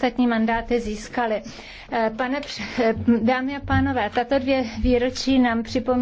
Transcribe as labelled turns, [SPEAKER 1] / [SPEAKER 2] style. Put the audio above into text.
[SPEAKER 1] ostatní mandáty získali. Eh, pane, eh, dámy a pánové, tato dvě výročí nám připomínají,